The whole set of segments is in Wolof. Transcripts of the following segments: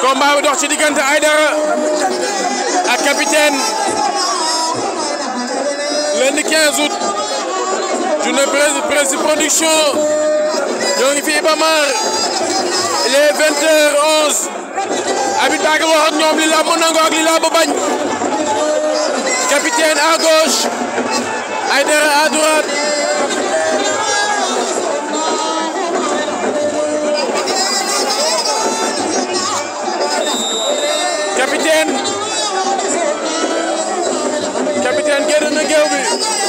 combat bi dox ci diggante Aidara capitaine lundi 15 août journée Prési fi Iba Mar il est 20 ñoom li la ak li la capitaine à gauche Aidara à droite. géew bi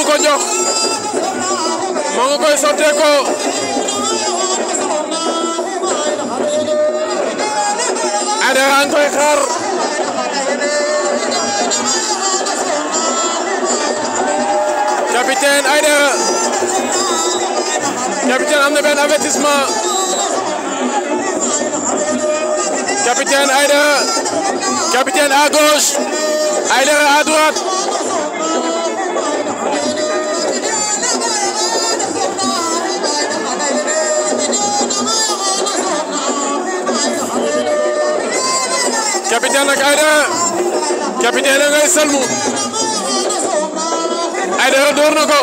nu ko jox am na benn avertissement capitaine Aidara capitaine à gauche Aidara à droite ànd ak Aïda capitaine ngay salmu Aïda door na ko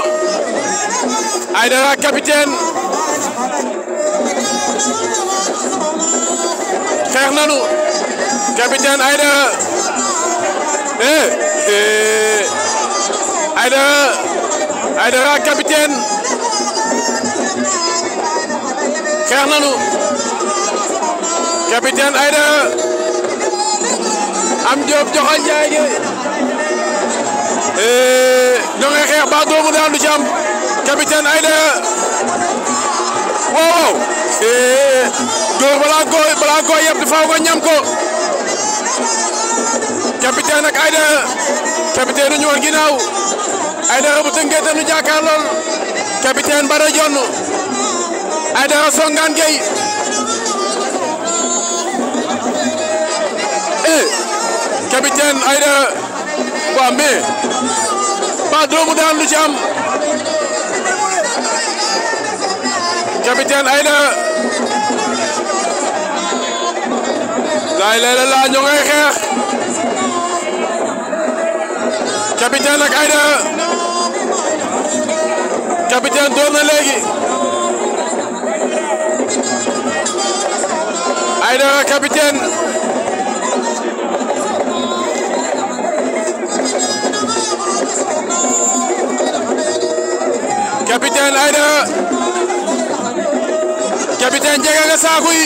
nanu capitaine Aïda eh, eh. Aïda Aïda nanu capitaine Aïda am Diop joxoon Ndiaye de eh, ñoo ngi xeex ba doomu daan du ci am capitaine Aïdara waaw waaw eh, balaa ko balaa ko yëpp faaw nga ñam ko capitaine ak Aïdara capitaine ñu woon ginnaaw Aïdara bu tënkee te nu jàkkaar lool capitaine Bara Dione Aïdara Songane Gueye eh. capitaine Aïdara waaw mais ba doomu daan lu ci am capitaine Aïdara laay lay la laa ngay xeex Ngagne nga saako yi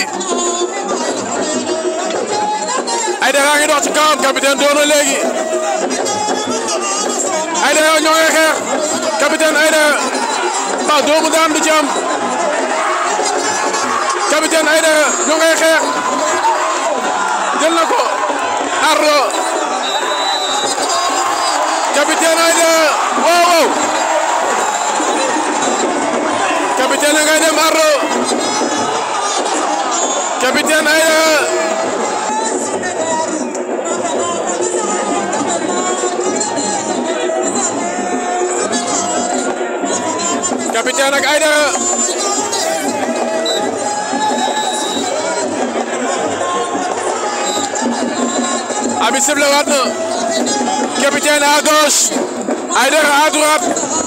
Aidara ngi dox ci kawam capitaine doon na léegi Aidara ñoo xeex capitaine Aidara ndax doomu daan du ci am capitaine Aidara ñoo ngi xeex jël na ko ardo capitaine Aidara waaw waaw capitaine ngay capitaine Aidara capitaine ak Aidara abi sifle waat na capitaine à gauche Aidara à droite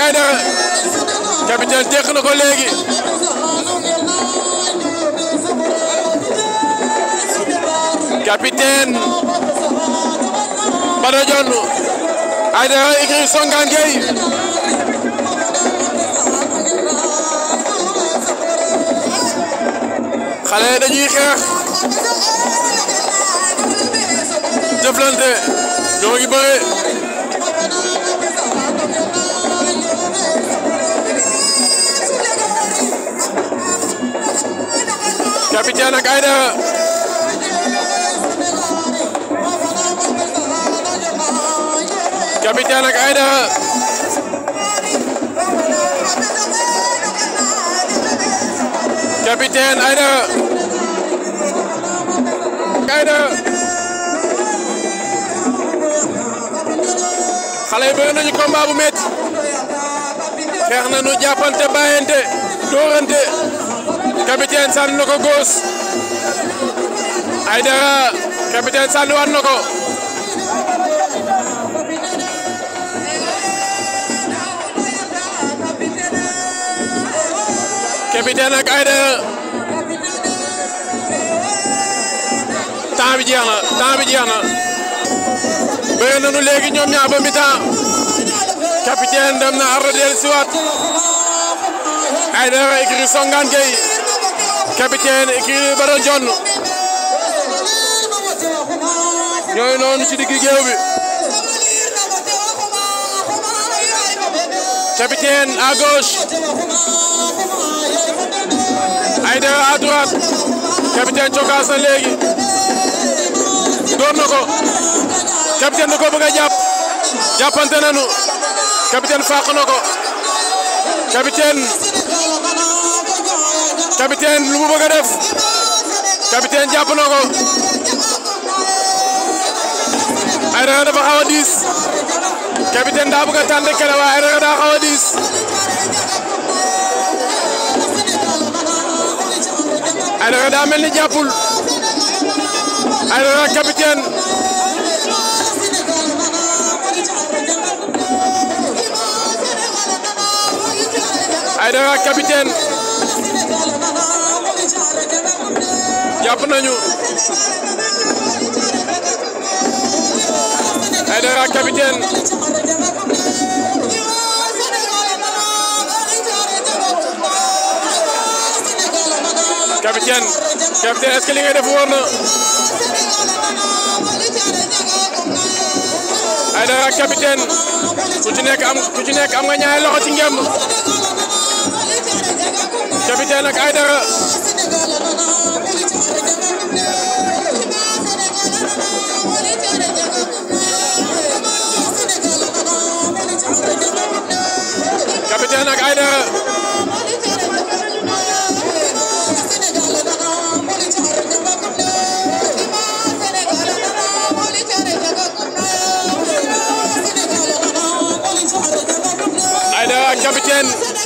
kay capitaine teq na ko léegi capitaine Bada Dione Aidara écurie Songane Gueye xale yi xeex jëflante ñoo ngi bëre Diène ak Aïdara capitaine ak Aïdara capitaine Aïdara Aïdara xale yi bëgg nañu combat bu métti xeex nañu jàppante bàyyante dóorante capitaine sànni na ko góos Aïdara capitaine sànni waat na ko capitaine ak Aïdara temps bi jeex na temps bi jeex na bëri nañu léegi ñoom ñaar ba mi temps capitaine dem na arda del siwaat Aïdara écrit songaan gay capitaine écurie Bada Ndione noonu ci digg géew bi capitaine à gauche Aïdara à capitaine cokaas na léegi door na ko capitaine da ko bëgg a jàpp jàppante capitaine fàq na ko capitaine capitaine lu mu bëgg a def capitaine jàpp na ko Aidara dafa xaw a diis capitaine daa bëgg a tànn kele mel ni jàppul Aidara capitaine Aidara jàpp nañu Aidara capitaine capitaine capitaine est-ce que li ngay na Aidara capitaine ci nekk am ku am nga loxo ci ngemb ak Aidara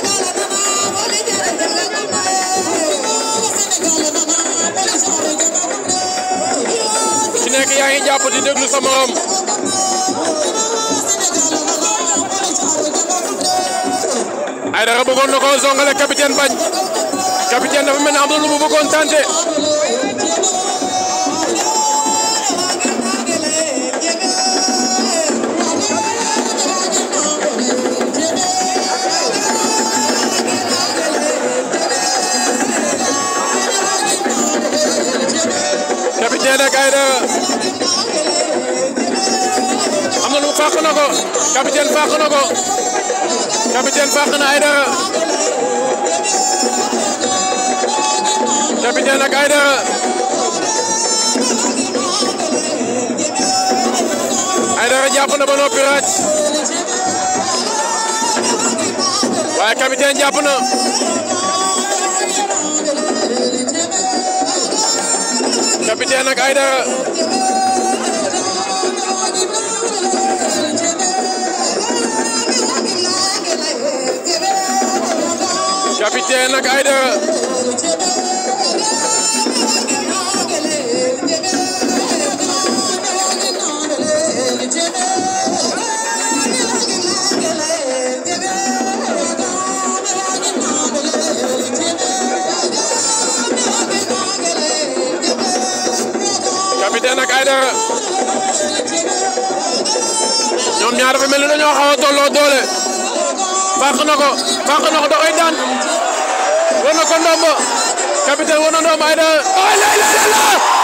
ci nekk yaa ngi jàpp di déglu sa morom ay dara bëggoon na ko zongale capitaine bañ capitaine dafa mel ne am na lu Seydou Gaïndé am na lu fàq na ko capitaine ba noppi waaye capitaine jàpp capitaine ak Aidara capitaine ak Aidara ñoom ñaar dafa mel ni dañoo xaw doole fàq na ko fàq na da koy daan war na ko ndombo capitaine war na ndombo Aidara